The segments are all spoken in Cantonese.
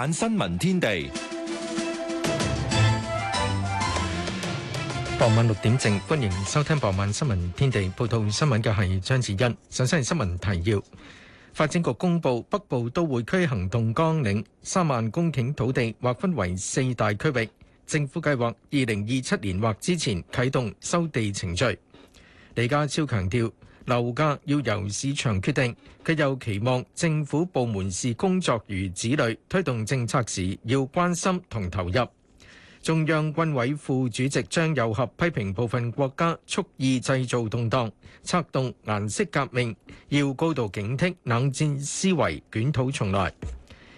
《新聞天地》傍晚六點正，歡迎收聽傍晚新聞天地。報道新聞嘅係張子欣。首先係新聞提要：發展局公布北部都會區行動綱領，三萬公頃土地劃分為四大區域，政府計劃二零二七年或之前啟動收地程序。李家超強調，樓價要由市場決定，佢又期望政府部門視工作如子女，推動政策時要關心同投入。中央軍委副主席張又俠批評部分國家蓄意製造動盪，策動顏色革命，要高度警惕冷戰思維卷土重來。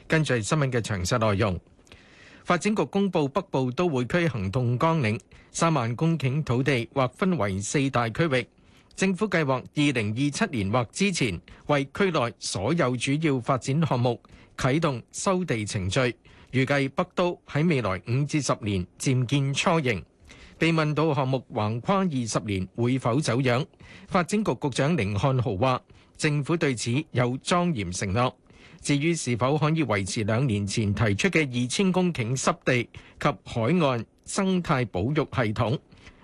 跟住新聞嘅詳細內容，發展局公布北部都會區行動綱領，三萬公頃土地劃分為四大區域。政府計劃二零二七年或之前為區內所有主要發展項目啟動收地程序，預計北都喺未來五至十年漸見雛形。被問到項目橫跨二十年會否走樣，發展局局長寧漢豪話：政府對此有莊嚴承諾。至於是否可以維持兩年前提出嘅二千公頃濕地及海岸生態保育系統，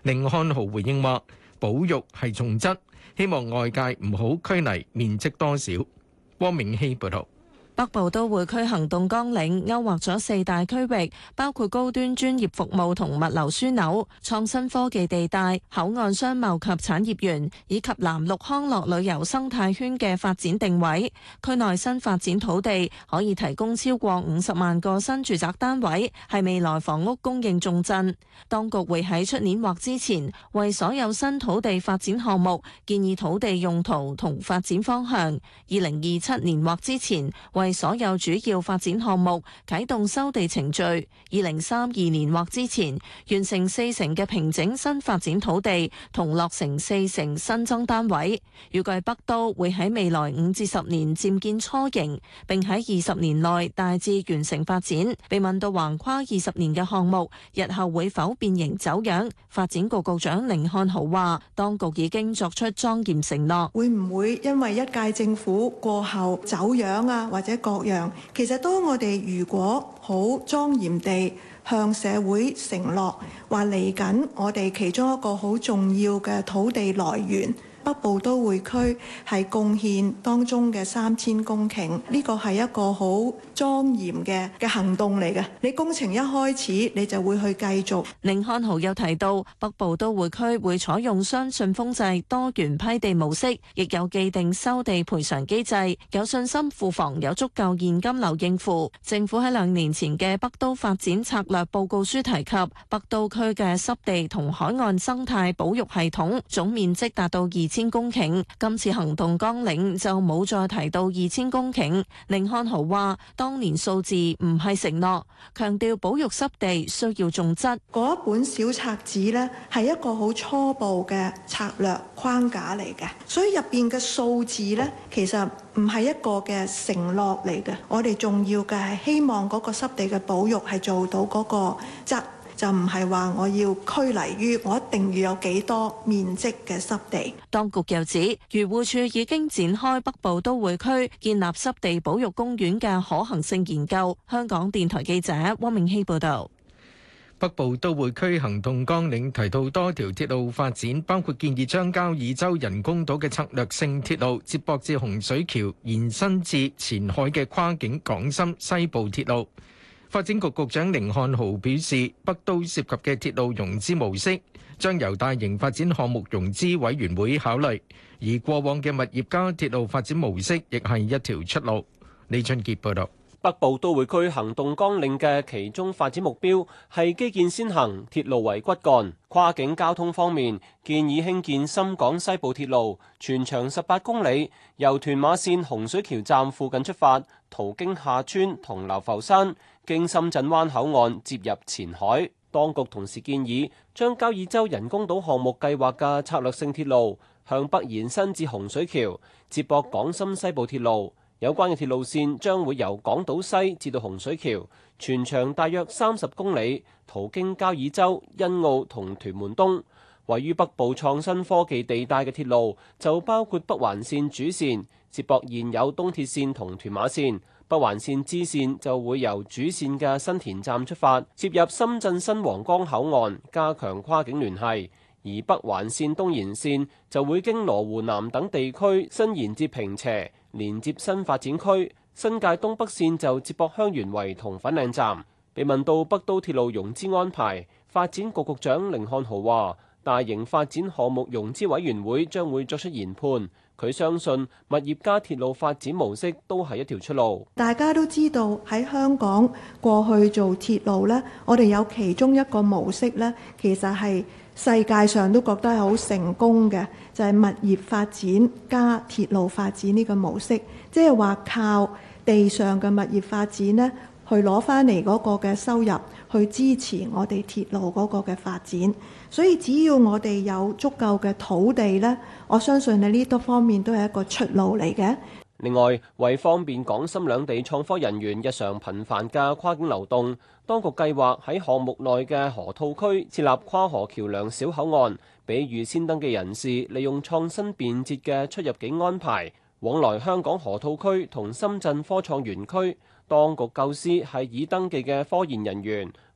寧漢豪回應話。保育係重質，希望外界唔好拘泥面積多少。汪明熙報道。寶寶北部都會區行動綱領勾畫咗四大區域，包括高端專業服務同物流樞紐、創新科技地帶、口岸商貿及產業園，以及藍綠康樂旅遊生態圈嘅發展定位。區內新發展土地可以提供超過五十萬個新住宅單位，係未來房屋供應重鎮。當局會喺出年或之前為所有新土地發展項目建議土地用途同發展方向。二零二七年或之前為所有主要發展項目啟動收地程序，二零三二年或之前完成四成嘅平整新發展土地，同落成四成新增單位。預計北都會喺未來五至十年漸見雛形，並喺二十年內大致完成發展。被問到橫跨二十年嘅項目日後會否變形走樣，發展局局長甯漢豪話：當局已經作出莊嚴承諾，會唔會因為一屆政府過後走樣啊，或者？各樣，其實當我哋如果好莊嚴地向社會承諾，話嚟緊我哋其中一個好重要嘅土地來源。北部都會區係貢獻當中嘅三千公頃，呢個係一個好莊嚴嘅嘅行動嚟嘅。你工程一開始，你就會去繼續。寧漢豪又提到，北部都會區會採用雙信封制多元批地模式，亦有既定收地賠償機制，有信心庫房有足夠現金流應付。政府喺兩年前嘅北都發展策略報告書提及，北都區嘅濕地同海岸生態保育系統總面積達到二千公頃，今次行動綱領就冇再提到二千公頃。甯漢豪話：當年數字唔係承諾，強調保育濕地需要重質。嗰一本小冊子呢，係一個好初步嘅策略框架嚟嘅，所以入邊嘅數字呢，其實唔係一個嘅承諾嚟嘅。我哋重要嘅係希望嗰個濕地嘅保育係做到嗰個質。就唔係話，我要拘泥於我一定要有幾多面積嘅濕地。當局又指漁護署已經展開北部都會區建立濕地保育公園嘅可行性研究。香港電台記者汪明希報道，北部都會區行動綱領提到多條鐵路發展，包括建議將交椅洲人工島嘅策略性鐵路接駁至洪水橋延伸至前海嘅跨境港深西部鐵路。發展局局長甯漢豪表示，北都涉及嘅鐵路融資模式將由大型發展項目融資委員會考慮，而過往嘅物業加鐵路發展模式亦係一條出路。李俊傑報導，北部都會區行動綱領嘅其中發展目標係基建先行，鐵路為骨幹。跨境交通方面，建議興建深港西部鐵路，全長十八公里，由屯馬線洪水橋站附近出發，途經廈村同流浮山。經深圳灣口岸接入前海，當局同時建議將交椅洲人工島項目計劃嘅策略性鐵路向北延伸至洪水橋，接駁港深西部鐵路。有關嘅鐵路線將會由港島西至到洪水橋，全長大約三十公里，途經交椅洲、欣澳同屯門東。位於北部創新科技地帶嘅鐵路就包括北環線主線，接駁現有東鐵線同屯馬線。北環線支線就會由主線嘅新田站出發，接入深圳新皇崗口岸，加強跨境聯繫；而北環線東延線就會經羅湖南等地區，伸延至坪輋，連接新發展區。新界東北線就接駁香園圍同粉嶺站。被問到北都鐵路融資安排，發展局局長甯漢豪話：大型發展項目融資委員會將會作出研判。佢相信，物業加鐵路發展模式都係一條出路。大家都知道，喺香港過去做鐵路呢，我哋有其中一個模式呢，其實係世界上都覺得係好成功嘅，就係物業發展加鐵路發展呢個模式，即係話靠地上嘅物業發展呢，去攞翻嚟嗰個嘅收入去支持我哋鐵路嗰個嘅發展。所以只要我哋有足夠嘅土地咧，我相信你呢多方面都係一個出路嚟嘅。另外，為方便港深兩地創科人員日常頻繁嘅跨境流動，當局計劃喺項目內嘅河套區設立跨河橋樑小口岸，俾預先登記人士利用創新便捷嘅出入境安排，往來香港河套區同深圳科創園區，當局構思係已登記嘅科研人員。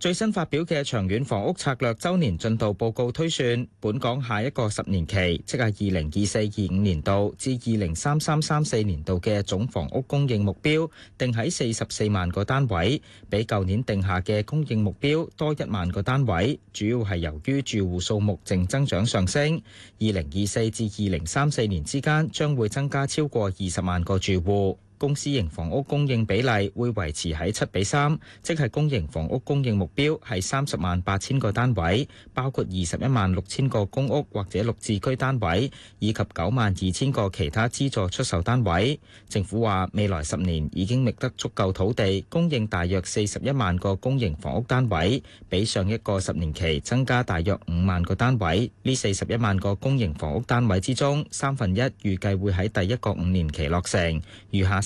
最新發表嘅長遠房屋策略週年進度報告推算，本港下一個十年期，即係二零二四二五年度至二零三三三四年度嘅總房屋供應目標定喺四十四萬個單位，比舊年定下嘅供應目標多一萬個單位，主要係由於住戶數目淨增長上升。二零二四至二零三四年之間，將會增加超過二十萬個住戶。公私營房屋供應比例會維持喺七比三，即係公營房屋供應目標係三十萬八千個單位，包括二十一萬六千個公屋或者綠置居單位，以及九萬二千個其他資助出售單位。政府話未來十年已經覓得足夠土地，供應大約四十一萬個公營房屋單位，比上一個十年期增加大約五萬個單位。呢四十一萬個公營房屋單位之中，三分一預計會喺第一個五年期落成，餘下，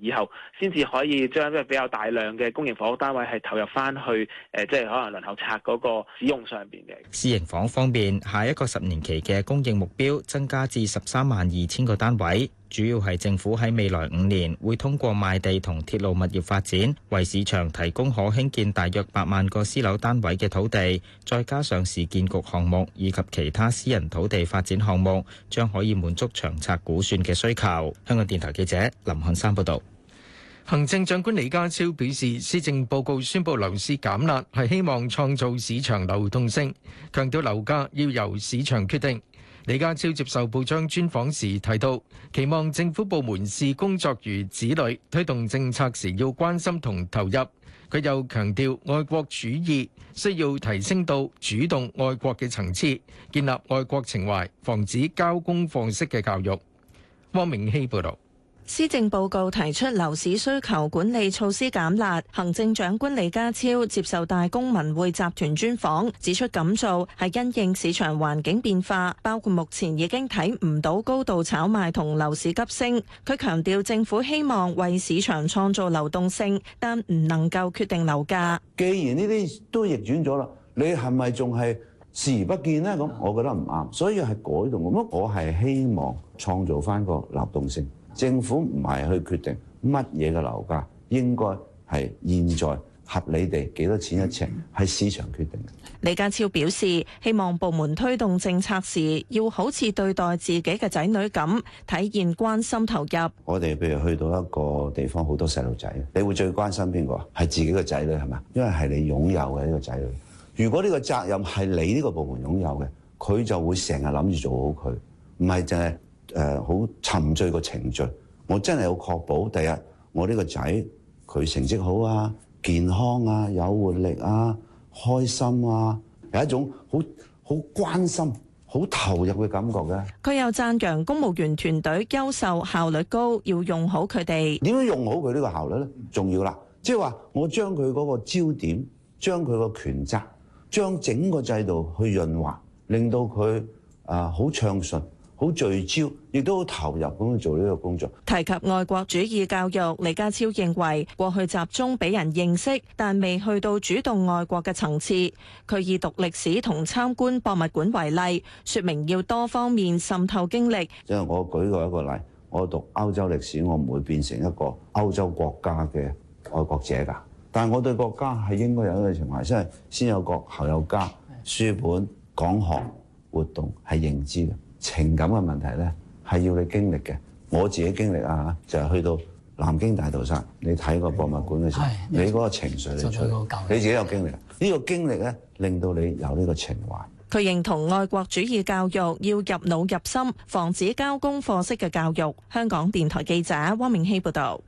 以後先至可以將即係比較大量嘅公營房屋單位係投入翻去誒，即係可能輪候拆嗰個使用上邊嘅私營房方面，下一個十年期嘅供應目標增加至十三萬二千個單位，主要係政府喺未來五年會通過賣地同鐵路物業發展，為市場提供可興建大約八萬個私樓單位嘅土地，再加上市建局項目以及其他私人土地發展項目，將可以滿足長策估算嘅需求。香港電台記者林漢山報道。行政長官李家超表示，施政報告宣布樓市減壓，係希望創造市場流動性，強調樓價要由市場決定。李家超接受報章專訪時提到，期望政府部門視工作如子女，推動政策時要關心同投入。佢又強調，愛國主義需要提升到主動愛國嘅層次，建立愛國情懷，防止交工放式嘅教育。汪明希報導。施政報告提出樓市需求管理措施減辣。行政長官李家超接受大公文匯集團專訪，指出咁做係因應市場環境變化，包括目前已經睇唔到高度炒賣同樓市急升。佢強調，政府希望為市場創造流動性，但唔能夠決定樓價。既然呢啲都逆轉咗啦，你係咪仲係視而不見呢？咁我覺得唔啱，所以係改動。咁我係希望創造翻個流動性。政府唔係去決定乜嘢嘅樓價應該係現在合理地幾多錢一尺，係市場決定嘅。李家超表示，希望部門推動政策時，要好似對待自己嘅仔女咁，體現關心投入。我哋譬如去到一個地方，好多細路仔，你會最關心邊個？係自己嘅仔女係嘛？因為係你擁有嘅呢、呢個仔女。如果呢個責任係你呢個部門擁有嘅，佢就會成日諗住做好佢，唔係就係。誒好、呃、沉醉個程序，我真係要確保第日我呢個仔佢成績好啊、健康啊、有活力啊、開心啊，有一種好好關心、好投入嘅感覺嘅。佢又讚揚公務員團隊優秀、效率高，要用好佢哋。點樣用好佢呢個效率咧？重要啦，即係話我將佢嗰個焦點、將佢個權責、將整個制度去潤滑，令到佢啊好暢順。好聚焦，亦都好投入咁做呢個工作。提及愛國主義教育，李家超認為過去集中俾人認識，但未去到主動愛國嘅層次。佢以讀歷史同參觀博物館為例，說明要多方面滲透經歷，因為我舉過一個例，我讀歐洲歷史，我唔會變成一個歐洲國家嘅愛國者㗎，但係我對國家係應該有一個情懷，即係先有國後有家，書本講學活動係認知嘅。情感嘅問題呢，係要你經歷嘅。我自己經歷啊，就係、是、去到南京大屠殺，你睇個博物館嘅時候，的你嗰個情緒你出嚟，你，你自己有經歷。呢、這個經歷呢，令到你有呢個情懷。佢認同愛國主義教育要入腦入心，防止交功課式嘅教育。香港電台記者汪明希報導。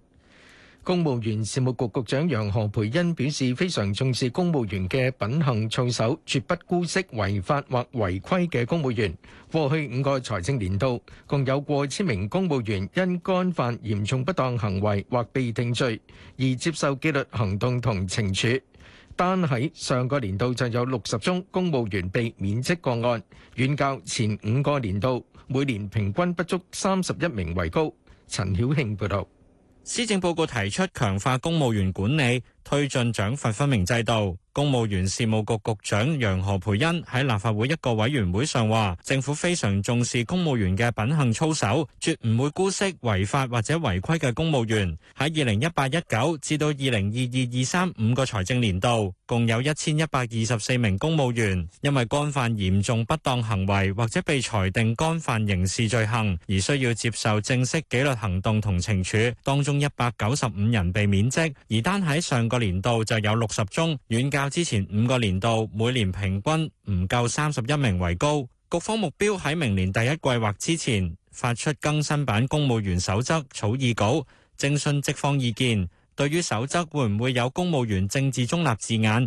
公務員事務局局長楊何培恩表示，非常重視公務員嘅品行操守，絕不姑息違法或違規嘅公務員。過去五個財政年度，共有過千名公務員因干犯嚴重不當行為或被定罪而接受紀律行動同懲處。單喺上個年度就有六十宗公務員被免職個案，遠較前五個年度每年平均不足三十一名為高。陳曉慶報道。施政報告提出強化公務員管理。推進獎罰分明制度，公務員事務局局長楊何蓓茵喺立法會一個委員會上話，政府非常重視公務員嘅品行操守，絕唔會姑息違法或者違規嘅公務員。喺二零一八、一九至到二零二二、二三五個財政年度，共有一千一百二十四名公務員因為干犯嚴重不當行為或者被裁定干犯刑事罪行，而需要接受正式紀律行動同懲處，當中一百九十五人被免職，而單喺上。個年度就有六十宗，遠較之前五個年度每年平均唔夠三十一名為高。局方目標喺明年第一季或之前發出更新版公務員守則草擬稿，徵詢職方意見。對於守則會唔會有公務員政治中立字眼？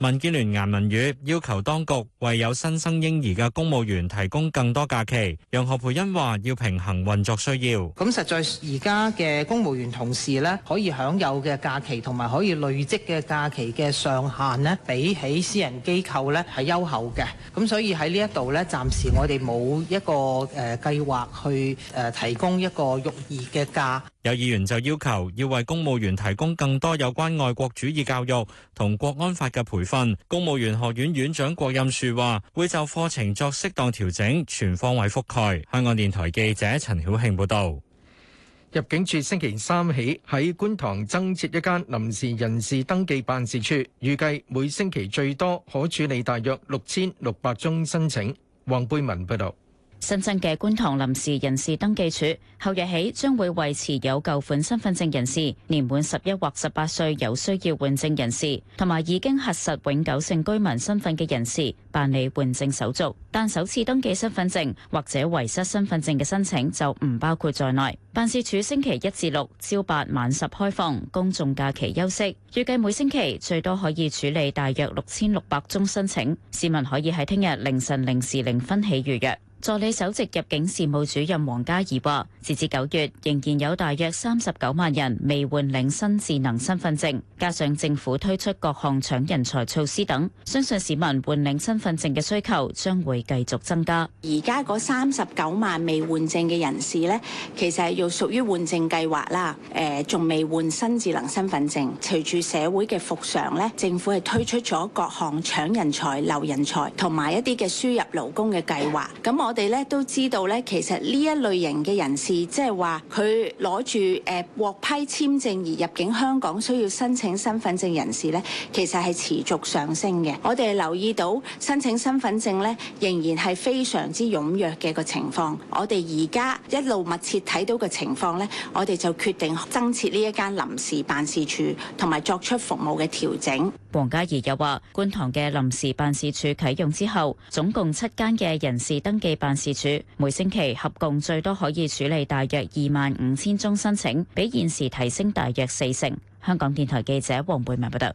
民建聯顏汶羽要求當局為有新生嬰兒嘅公務員提供更多假期。楊何蓓茵話要平衡運作需要，咁實在而家嘅公務員同事咧，可以享有嘅假期同埋可以累積嘅假期嘅上限咧，比起私人機構咧係優厚嘅。咁所以喺呢一度咧，暫時我哋冇一個誒計劃去誒提供一個育兒嘅假。有議員就要求要為公務員提供更多有關愛國主義教育同國安法嘅培訓。公務員學院院長郭蔭庶話：會就課程作適當調整，全方位覆蓋。香港電台記者陳曉慶報道。入境處星期三起喺觀塘增設一間臨時人事登記辦事處，預計每星期最多可處理大約六千六百宗申請。黃貝文報道。深圳嘅觀塘臨時人事登記處後日起將會為持有舊款身份證人士，年滿十一或十八歲有需要換證人士，同埋已經核實永久性居民身份嘅人士辦理換證手續。但首次登記身份證或者遺失身份證嘅申請就唔包括在內。辦事處星期一至六朝八晚十開放，公眾假期休息。預計每星期最多可以處理大約六千六百宗申請。市民可以喺聽日凌晨零時零分起預約。助理首席入境事務主任王嘉怡話，截至九月，仍然有大約三十九萬人未換領新智能身份證，加上政府推出各項搶人才措施等，相信市民換領身份證嘅需求將會繼續增加。而家嗰三十九萬未換證嘅人士呢，其實係要屬於換證計劃啦。誒、呃，仲未換新智能身份證。隨住社會嘅復常呢，政府係推出咗各項搶人才、留人才同埋一啲嘅輸入勞工嘅計劃。咁我。我哋咧都知道咧，其實呢一類型嘅人士，即係話佢攞住誒獲批簽證而入境香港需要申請身份證人士咧，其實係持續上升嘅。我哋留意到申請身份證咧，仍然係非常之踴躍嘅個情況。我哋而家一路密切睇到嘅情況咧，我哋就決定增設呢一間臨時辦事處，同埋作出服務嘅調整。王嘉怡又話：觀塘嘅臨時辦事處啟用之後，總共七間嘅人事登記辦事處，每星期合共最多可以處理大約二萬五千宗申請，比現時提升大約四成。香港電台記者黃貝文報道。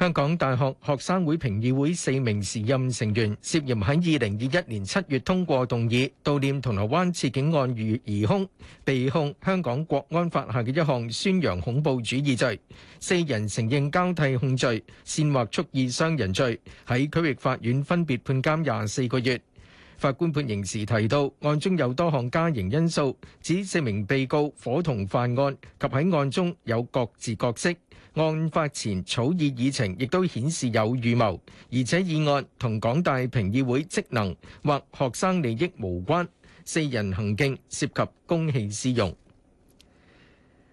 香港大學學生會評議會四名時任成員涉嫌喺二零二一年七月通過動議悼念銅鑼灣刺警案如疑兇被控香港國安法下嘅一項宣揚恐怖主義罪。四人承認交替控罪，煽惑蓄意傷人罪，喺區域法院分別判監廿四個月。法官判刑時提到，案中有多項加刑因素，指四名被告，夥同犯案，及喺案中有各自角色，案發前草擬議程亦都顯示有預謀，而且議案同港大評議會職能，或學生利益無關，四人行徑涉及公器私用。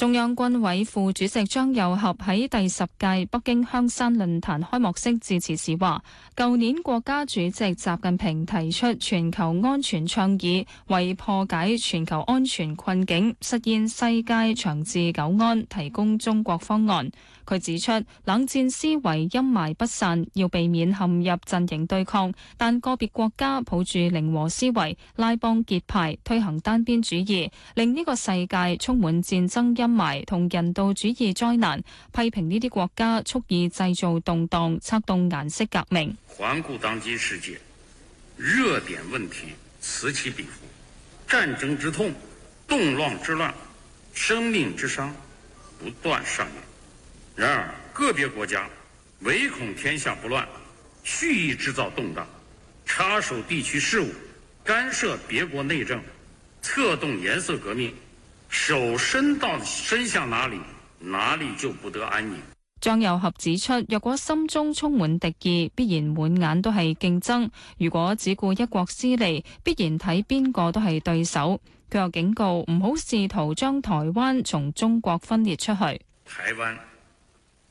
中央軍委副主席張又俠喺第十屆北京香山論壇開幕式致辭時話：舊年國家主席習近平提出全球安全倡議，為破解全球安全困境，實現世界長治久安，提供中國方案。佢指出，冷戰思維陰霾不散，要避免陷入陣營對抗，但個別國家抱住零和思維，拉幫結派，推行單邊主義，令呢個世界充滿戰爭陰霾同人道主義災難。批評呢啲國家蓄意製造動盪，策動顏色革命。環顧當今世界，熱點問題此起彼伏，戰爭之痛、動亂之亂、生命之傷不斷上演。然而，個別國家唯恐天下不亂，蓄意製造動盪，插手地區事務，干涉別國內政，策動顏色革命，手伸到伸向哪裏，哪裏就不得安寧。張友合指出，若果心中充滿敵意，必然滿眼都係競爭；如果只顧一國私利，必然睇邊個都係對手。佢又警告唔好試圖將台灣從中國分裂出去。台灣。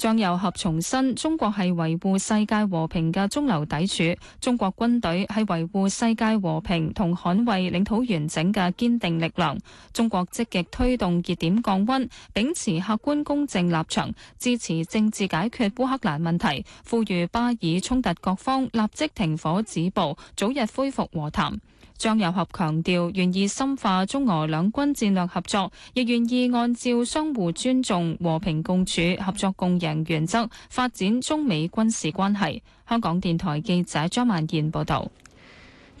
張又俠重申中國係維護世界和平嘅中流砥柱，中國軍隊係維護世界和平同捍衛領土完整嘅堅定力量。中國積極推動熱點降溫，秉持客觀公正立場，支持政治解決烏克蘭問題，呼籲巴以衝突各方立即停火止暴，早日恢復和談。張友俠強調，願意深化中俄兩軍戰略合作，亦願意按照相互尊重、和平共處、合作共贏原則發展中美軍事關係。香港電台記者張曼健報道。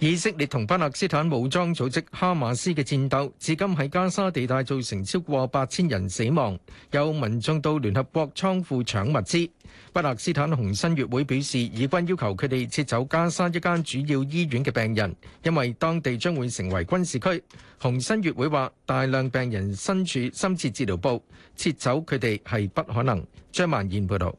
以色列同巴勒斯坦武裝組織哈馬斯嘅戰鬥，至今喺加沙地帶造成超過八千人死亡，有民眾到聯合國倉庫搶，搶物資。巴勒斯坦紅新月會表示，以軍要求佢哋撤走加沙一間主要醫院嘅病人，因為當地將會成為軍事區。紅新月會話，大量病人身處深切治療部，撤走佢哋係不可能。張曼燕報道。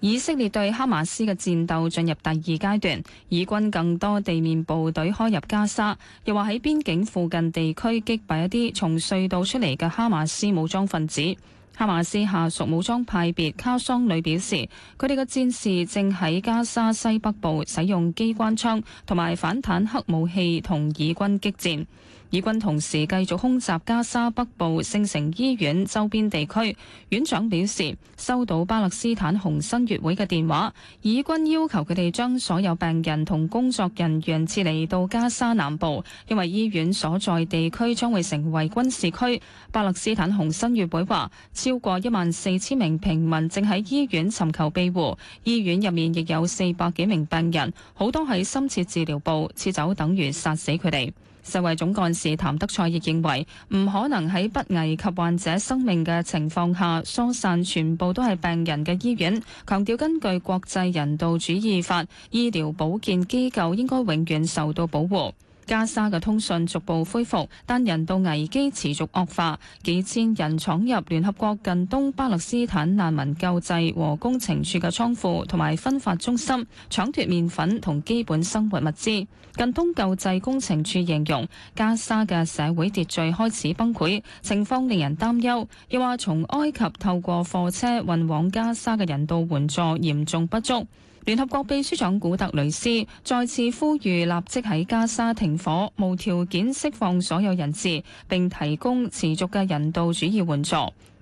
以色列對哈馬斯嘅戰鬥進入第二階段，以軍更多地面部隊開入加沙，又話喺邊境附近地區擊敗一啲從隧道出嚟嘅哈馬斯武裝分子。哈馬斯下屬武裝派別卡桑旅表示，佢哋嘅戰士正喺加沙西北部使用機關槍同埋反坦克武器同以軍激戰。以軍同時繼續空襲加沙北部聖城醫院周邊地區。院長表示收到巴勒斯坦紅新月會嘅電話，以軍要求佢哋將所有病人同工作人員撤離到加沙南部，因為醫院所在地區將會成為軍事區。巴勒斯坦紅新月會話，超過一萬四千名平民正喺醫院尋求庇護，醫院入面亦有四百幾名病人，好多喺深切治療部，撤走等於殺死佢哋。世衛總幹事譚德賽亦認為，唔可能喺不危及患者生命嘅情況下疏散全部都係病人嘅醫院，強調根據國際人道主義法，醫療保健機構應該永遠受到保護。加沙嘅通訊逐步恢復，但人道危機持續惡化。幾千人闖入聯合國近東巴勒斯坦難民救濟和工程處嘅倉庫同埋分發中心，搶奪麵粉同基本生活物資，近東救濟工程處形容加沙嘅社會秩序開始崩潰，情況令人擔憂，又話從埃及透過貨車運往加沙嘅人道援助嚴重不足。聯合國秘書長古特雷斯再次呼籲立即喺加沙停火，無條件釋放所有人質，並提供持續嘅人道主義援助。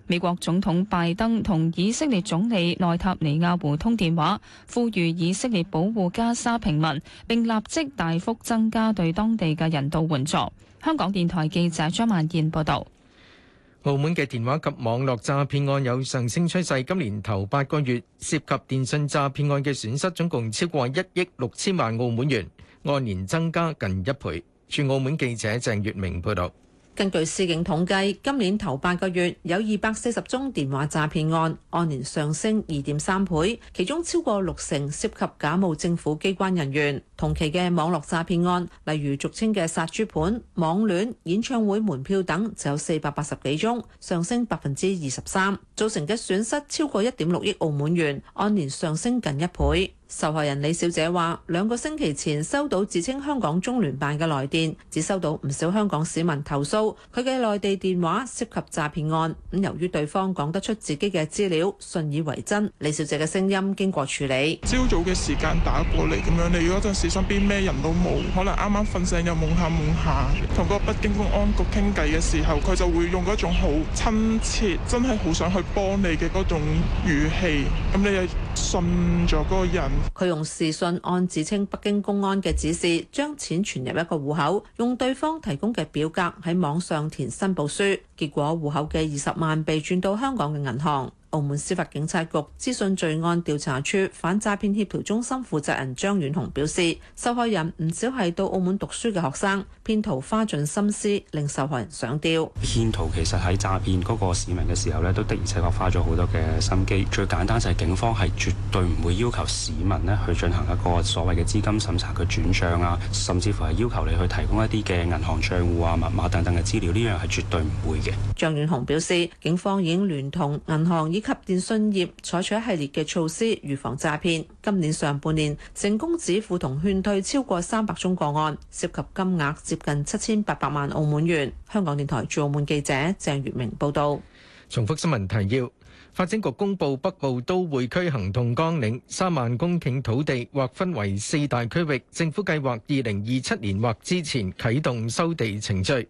美國總統拜登同以色列總理內塔尼亞胡通電話，呼籲以色列保護加沙平民，並立即大幅增加對當地嘅人道援助。香港電台記者張萬燕報導。澳門嘅電話及網絡詐騙案有上升趨勢，今年頭八個月，涉及電信詐騙案嘅損失總共超過一億六千萬澳門元，按年增加近一倍。駐澳門記者鄭月明報道。根據司警統計，今年頭八個月有二百四十宗電話詐騙案，按年上升二點三倍，其中超過六成涉及假冒政府機關人員。同期嘅網絡詐騙案，例如俗稱嘅殺豬盤、網戀、演唱會門票等，就有四百八十幾宗，上升百分之二十三，造成嘅損失超過一點六億澳門元，按年上升近一倍。受害人李小姐話，兩個星期前收到自稱香港中聯辦嘅來電，只收到唔少香港市民投訴佢嘅內地電話涉及詐騙案。咁由於對方講得出自己嘅資料，信以為真。李小姐嘅聲音經過處理，朝早嘅時間打過嚟，咁樣你嗰陣時身邊咩人都冇，可能啱啱瞓醒又懵下懵下，同嗰個北京公安局傾偈嘅時候，佢就會用一種好親切、真係好想去幫你嘅嗰種語氣，咁你又信咗嗰個人。佢用視訊按自稱北京公安嘅指示，將錢存入一個戶口，用對方提供嘅表格喺網上填申報書，結果戶口嘅二十萬被轉到香港嘅銀行。澳門司法警察局資訊罪案調查處反詐騙協調中心負責人張遠紅表示，受害人唔少係到澳門讀書嘅學生，騙徒花盡心思令受害人上釣。騙徒其實喺詐騙嗰個市民嘅時候呢，都的而且確花咗好多嘅心機。最簡單就係警方係絕對唔會要求市民咧去進行一個所謂嘅資金審查嘅轉賬啊，甚至乎係要求你去提供一啲嘅銀行賬戶啊、密碼等等嘅資料，呢樣係絕對唔會嘅。張遠紅表示，警方已經聯同銀行及電訊業採取一系列嘅措施預防詐騙，今年上半年成功止付同勸退超過三百宗個案，涉及金額接近七千八百萬澳門元。香港電台駐澳門記者鄭月明報導。重複新聞提要：發展局公布北部都會區行動綱領，三萬公頃土地劃分為四大區域，政府計劃二零二七年或之前啟動收地程序。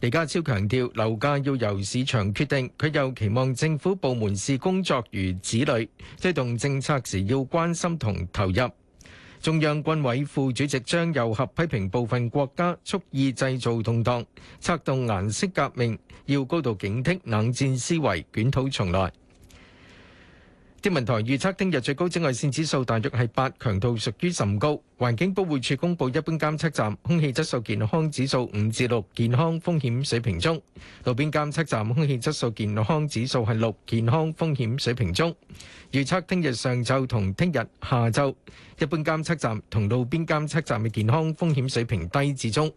李家超強調樓價要由市場決定，佢又期望政府部門視工作如子女，推動政策時要關心同投入。中央軍委副主席張又俠批評部分國家蓄意製造動盪，策動顏色革命，要高度警惕冷戰思維，捲土重來。天文台預測聽日最高紫外線指數大約係八，強度屬於甚高。環境保護署公布，一般監測站空氣質素健康指數五至六，健康風險水平中；路邊監測站空氣質素健康指數係六，健康風險水平中。預測聽日上晝同聽日下晝，一般監測站同路邊監測站嘅健康風險水平低至中。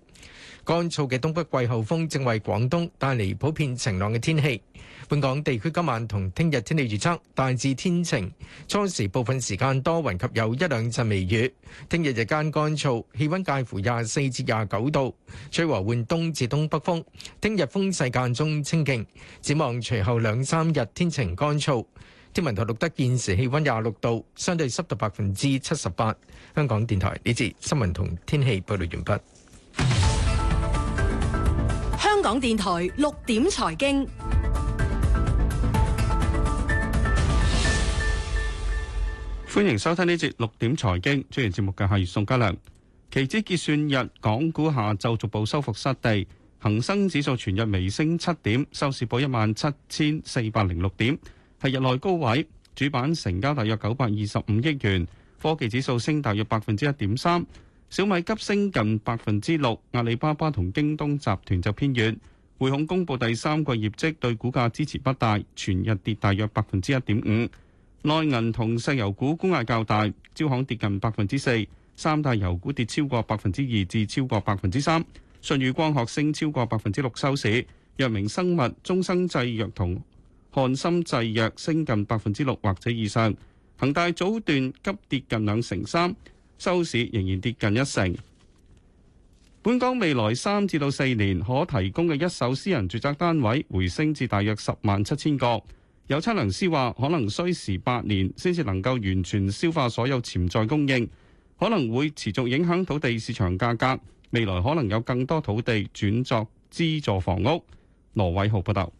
乾燥嘅東北季候風正為廣東帶嚟普遍晴朗嘅天氣。本港地區今晚同聽日天氣預測大致天晴，初時部分時間多雲及有一兩陣微雨。聽日日間乾燥，氣温介乎廿四至廿九度，吹和緩東至東北風。聽日風勢間中清勁，展望隨後兩三日天晴乾燥。天文台錄得現時氣温廿六度，相對濕度百分之七十八。香港電台呢節新聞同天氣報道完畢。香港電台六點財經，歡迎收聽呢節六點財經。主持節目嘅係宋嘉良。期指結算日，港股下晝逐步收復失地，恒生指數全日微升七點，收市報一萬七千四百零六點，係日內高位。主板成交大約九百二十五億元，科技指數升大約百分之一點三。小米急升近百分之六，阿里巴巴同京東集團就偏軟。匯控公布第三季業績，對股價支持不大，全日跌大約百分之一點五。內銀同石油股沽壓較大，招行跌近百分之四，三大油股跌超過百分之二至超過百分之三。信譽光學升超過百分之六收市。藥明生物、中生製藥同翰森製藥升近百分之六或者以上。恒大早段急跌近兩成三。收市仍然跌近一成。本港未來三至到四年可提供嘅一手私人住宅單位回升至大約十萬七千個。有測量師話，可能需時八年先至能夠完全消化所有潛在供應，可能會持續影響土地市場價格。未來可能有更多土地轉作資助房屋。羅偉豪報道。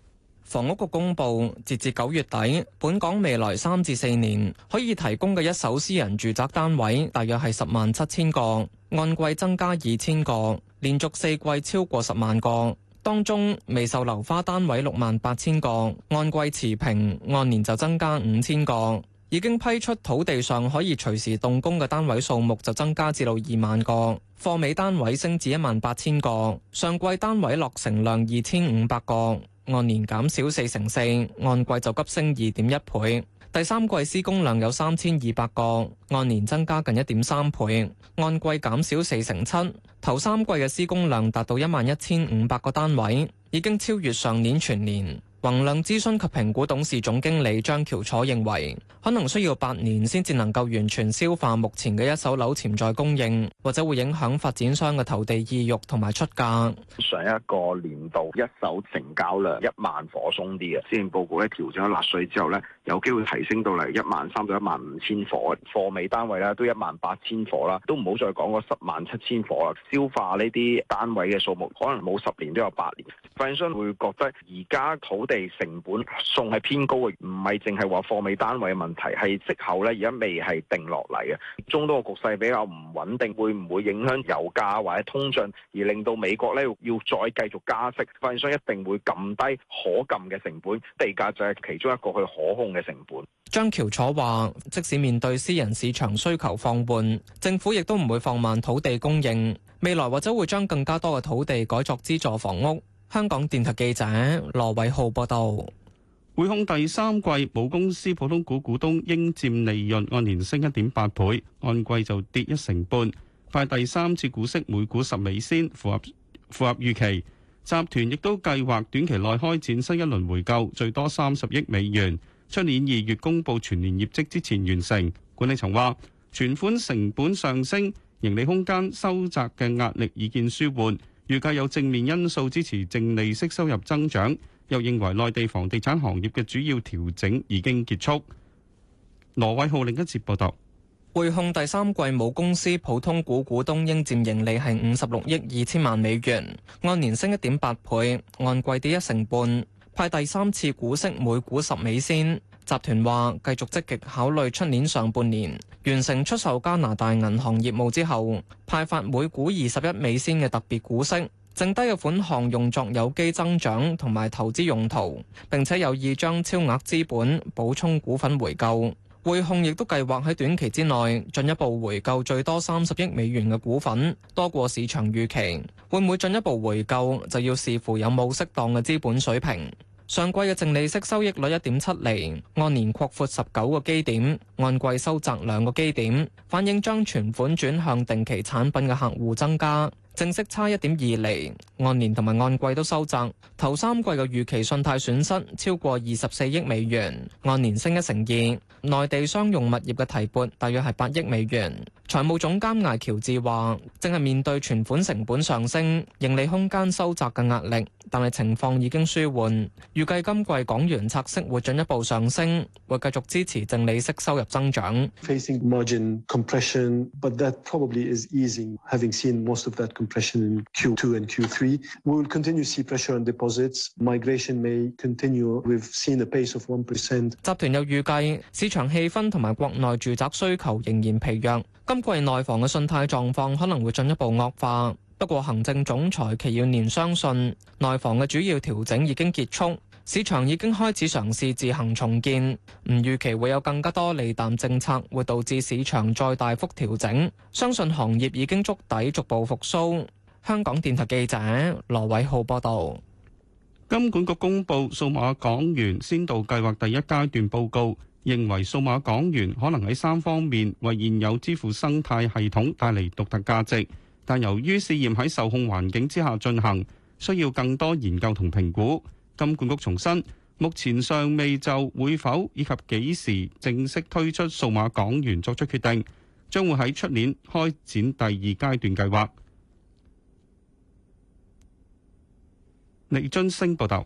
房屋局公布，截至九月底，本港未來三至四年可以提供嘅一手私人住宅單位大約係十萬七千個，按季增加二千個，連續四季超過十萬個。當中未售樓花單位六萬八千個，按季持平，按年就增加五千個。已經批出土地上可以隨時動工嘅單位數目就增加至到二萬個，貨尾單位升至一萬八千個。上季單位落成量二千五百個。按年減少四成四，按季就急升二點一倍。第三季施工量有三千二百個，按年增加近一點三倍，按季減少四成七。頭三季嘅施工量達到一萬一千五百個單位，已經超越上年全年。宏亮諮詢及評估董事總經理張喬楚認為，可能需要八年先至能夠完全消化目前嘅一手樓潛在供應，或者會影響發展商嘅投地意欲同埋出價。上一個年度一手成交量一萬火鬆啲嘅，施政報告咧調整咗辣稅之後咧，有機會提升到嚟一萬三到一萬五千火貨尾單位咧都一萬八千火啦，都唔好再講個十萬七千火啦，消化呢啲單位嘅數目，可能冇十年都有八年。發展商會覺得而家土地成本仲係偏高嘅，唔係淨係話貨尾單位嘅問題，係息口咧而家未係定落嚟嘅。中東嘅局勢比較唔穩定，會唔會影響油價或者通脹，而令到美國咧要再繼續加息？發展商一定會撳低可撳嘅成本，地價就係其中一個佢可控嘅成本。張喬楚話：即使面對私人市場需求放緩，政府亦都唔會放慢土地供應，未來或者會將更加多嘅土地改作資助房屋。香港電台記者羅偉浩報道，匯控第三季母公司普通股股東應佔利潤按年升一點八倍，按季就跌一成半。派第三次股息每股十美仙，符合符合預期。集團亦都計劃短期內開展新一輪回購，最多三十億美元，出年二月公布全年業績之前完成。管理層話，存款成本上升，盈利空間收窄嘅壓力已見舒緩。預計有正面因素支持淨利息收入增長，又認為內地房地產行業嘅主要調整已經結束。羅偉浩，另一節報道，匯控第三季母公司普通股股東應佔盈利係五十六億二千萬美元，按年升一點八倍，按季跌一成半，派第三次股息每股十美仙。集團話繼續積極考慮出年上半年完成出售加拿大銀行業務之後，派發每股二十一美仙嘅特別股息，剩低嘅款項用作有機增長同埋投資用途。並且有意將超額資本補充股份回購。匯控亦都計劃喺短期之內進一步回購最多三十億美元嘅股份，多過市場預期。會唔會進一步回購就要視乎有冇適當嘅資本水平。上季嘅淨利息收益率，一點七厘，按年擴闊十九個基點，按季收窄兩個基點，反映將存款轉向定期產品嘅客戶增加。淨息差一點二厘，按年同埋按季都收窄。頭三季嘅預期信貸損失超過二十四億美元，按年升一成二。內地商用物業嘅提撥大約係八億美元。財務總監艾喬治話，正係面對存款成本上升、盈利空間收窄嘅壓力，但係情況已經舒緩。預計今季港元拆息會進一步上升，會繼續支持淨利息收入增長。3, 集團又預計市場氣氛同埋國內住宅需求仍然疲弱。今季內房嘅信貸狀況可能會進一步惡化，不過行政總裁祁耀年相信內房嘅主要調整已經結束，市場已經開始嘗試，試自行重建，唔預期會有更加多利淡政策會導致市場再大幅調整，相信行業已經觸底逐步復甦。香港電台記者羅偉浩報道。金管局公布數碼港元先導計劃第一階段報告。認為數碼港元可能喺三方面為現有支付生態系統帶嚟獨特價值，但由於試驗喺受控環境之下進行，需要更多研究同評估。金管局重申，目前尚未就會否以及幾時正式推出數碼港元作出決定，將會喺出年開展第二階段計劃。李津升報道。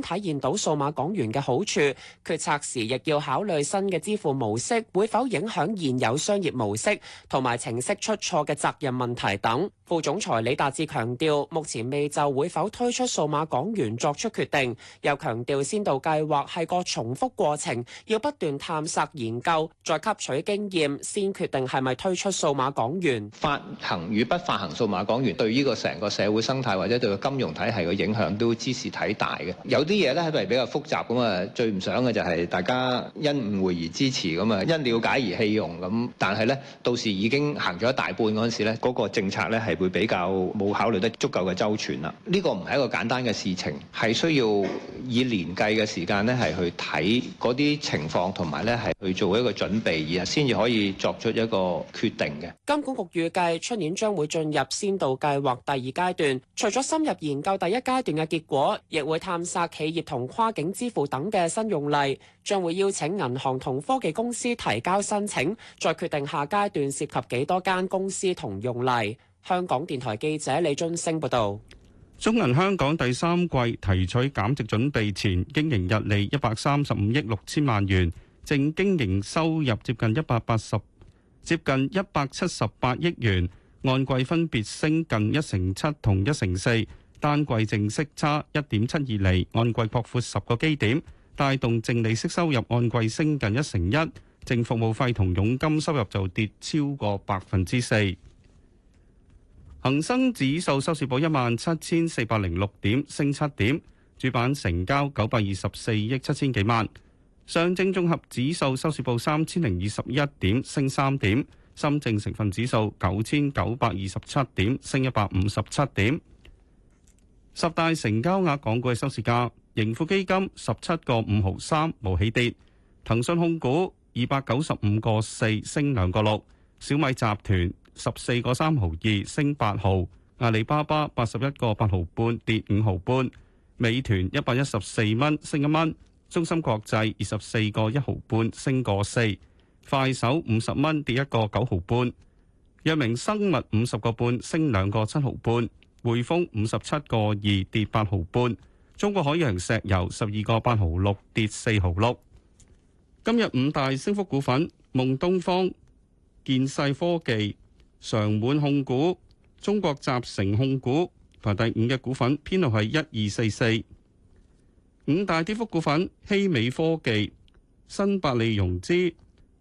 體驗到數碼港元嘅好處，決策時亦要考慮新嘅支付模式會否影響現有商業模式，同埋程式出錯嘅責任問題等。副總裁李達志強調，目前未就會否推出數碼港元作出決定，又強調先導計劃係個重複過程，要不斷探索研究，再吸取經驗，先決定係咪推出數碼港元。發行與不發行數碼港元，對呢個成個社會生態或者對個金融體系嘅影響都知事體大嘅。有啲嘢咧係比較複雜咁啊，最唔想嘅就係大家因誤會而支持咁啊，因了解而棄用咁。但係咧，到時已經行咗一大半嗰陣時咧，嗰、那個政策咧係，會比較冇考慮得足夠嘅周全啦。呢個唔係一個簡單嘅事情，係需要以年計嘅時間咧，係去睇嗰啲情況同埋咧係去做一個準備，然後先至可以作出一個決定嘅。金管局預計出年將會進入先導計劃第二階段，除咗深入研究第一階段嘅結果，亦會探索企業同跨境支付等嘅新用例，將會邀請銀行同科技公司提交申請，再決定下階段涉及幾多間公司同用例。香港電台記者李俊升報道：中銀香港第三季提取減值準備前經營溢利一百三十五億六千萬元，淨經營收入接近一百八十接近一百七十八億元，按季分別升近一成七同一成四，單季淨息，息差一點七二厘，按季擴闊十個基點，帶動淨利息收入按季升近一成一，淨服務費同佣金收入就跌超過百分之四。恒生指數收市報一萬七千四百零六點，升七點。主板成交九百二十四億七千幾萬。上證綜合指數收市報三千零二十一點，升三點。深證成分指數九千九百二十七點，升一百五十七點。十大成交額港股嘅收市價，盈富基金十七個五毫三，冇起跌。騰訊控股二百九十五個四，升兩個六。小米集團。十四個三毫二升八毫，阿里巴巴八十一個八毫半跌五毫半，美團一百一十四蚊升一蚊，中芯國際二十四個一毫半升過四，快手五十蚊跌一個九毫半，藥明生物五十個半升兩個七毫半，匯豐五十七個二跌八毫半，中國海洋石油十二個八毫六跌四毫六。今日五大升幅股份：夢東方、健世科技。常滿控股、中國集成控股排第五嘅股、股份，編號係一二四四。五大跌幅股份：希美科技、新百利融資、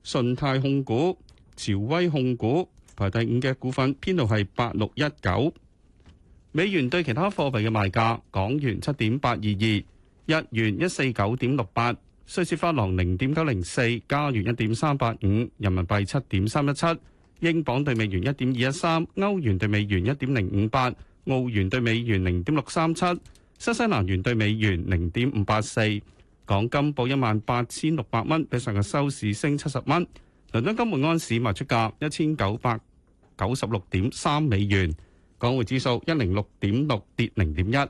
順泰控股、潮威控股排第五嘅股份，編號係八六一九。美元對其他貨幣嘅賣價：港元七點八二二，日元一四九點六八，瑞士法郎零點九零四，加元一點三八五，人民幣七點三一七。英鎊兌美元一點二一三，歐元兌美元一點零五八，澳元兌美元零點六三七，新西蘭元兌美元零點五八四。港金報一萬八千六百蚊，比上日收市升七十蚊。倫敦金每安士賣出價一千九百九十六點三美元。港匯指數一零六點六，跌零點一。